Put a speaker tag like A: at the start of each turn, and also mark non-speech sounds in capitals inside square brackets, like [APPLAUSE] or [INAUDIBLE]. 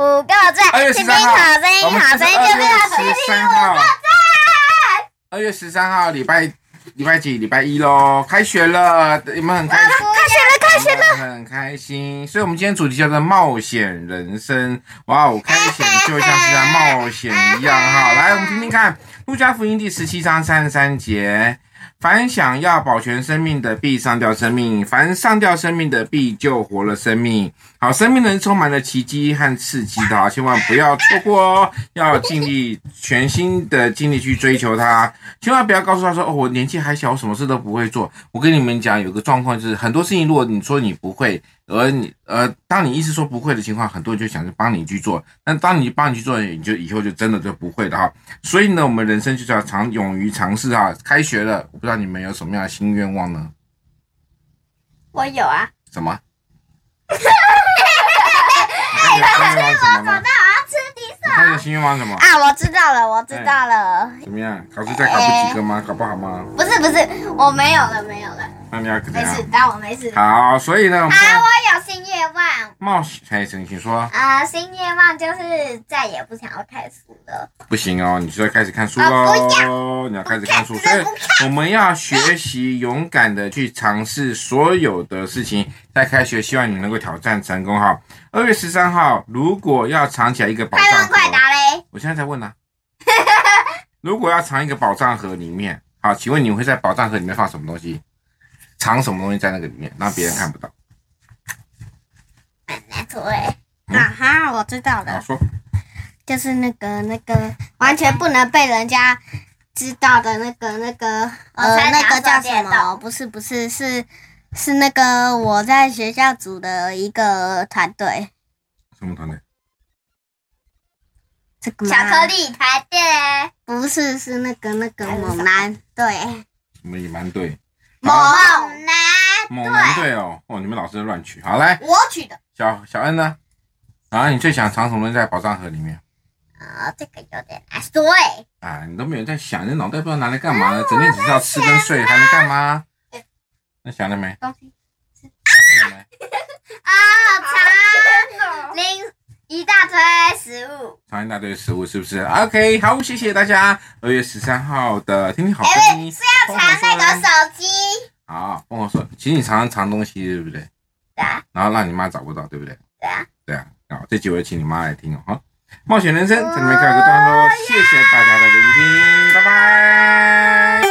A: 五個二月十三號，
B: 二月十三號，禮拜禮拜幾？禮拜一嘍，開學了，你們很開心，開學了，開學了，有沒有很開心。所以，我們今天主題叫做“冒險人生”哇哦。哇，開學，就像是在冒險一樣哈。 [LAUGHS] 來，我們聽聽看《路加福音》第十七章三十三節。凡想要保全生命的，必喪掉生命；凡喪掉生命的，必救活了生命。好，生命是充滿了奇蹟和刺激的，千萬不要錯過哦！要盡力、全心的盡力去追求它。千萬不要告訴他說：“哦，我年紀還小，我什麼事都不會做。”我跟你們講，有個狀況就是，很多事情，如果你說你不會，而你。呃，當你一直說不會的情況，很多人就想着幫你去做。那當你幫你去做，你就以後就真的就不會的哈。所以呢，我們人生就是要常勇於嘗試啊。開學了，我不知道你們有什麼樣的新願望呢？
A: 我有啊。什麼？哈哈哈
B: 哈哈！我要去考駕我要吃地食。新有新願望什麼？啊，我
A: 知道了，我知道了。
B: 哎、怎麼樣？考試再考不及格嗎？考、哎、不好嗎？
A: 不是不是，我沒有了，沒有了。那你要怎樣？沒事，當我沒事。好，所以呢？好，我有新願望。
B: 冒險開始，請說。
A: 啊、呃，新願望就是再也不想要看
B: 書了。不行哦，你就要開始看書嘍。要你要開始看書，以所以我們要學習勇敢的去嘗試所有的事情。在、嗯、開學，希望你能夠挑戰成功哈。二月十三號，如果要藏起來一個寶藏盒，快問快答嘞！我現在在問呢、啊。 [LAUGHS] 如果要藏一個寶藏盒裡面，好，請問你，你們會在寶藏盒裡面放什麼東西？藏什麼東西在那個裡面，讓別人看不到？奶奶兔，啊哈，
A: 我知道了。
B: 說，
A: 就是那個那個完全不能被人家知道的那個那個呃，猜那個叫什麼？不是不是，是是那個我在學校組的一個團隊。什麼
B: 團隊？這個巧克力
A: 團隊？不是，是那個那個猛男隊。
B: 對。什麼猛男隊？
A: 猛。
B: 對哦，你們老是亂取，好來，我取的。小小恩呢？啊，你最想藏什麼在寶藏盒裡面？啊，
A: 這個有點哎，對哎。
B: 啊，你都沒有在想，你腦袋不知道拿來幹嘛呢？整天只知道吃跟睡，還能幹嘛？那想了沒？
A: 啊，藏零一大堆食
B: 物，藏一大堆食物是不是？OK，好，謝謝大家。二月十三號的天天好聲音，不
A: 要藏那個手機。
B: 好，跟我，哦，說，請你嘗嘗東西，對不對？對啊。然後讓你媽找不到，對不對？對啊。對啊。好，這幾位，請你媽來聽哦。好，冒險人生，這裡、個、面開個這了，哦、謝謝大家的聆聽，拜拜。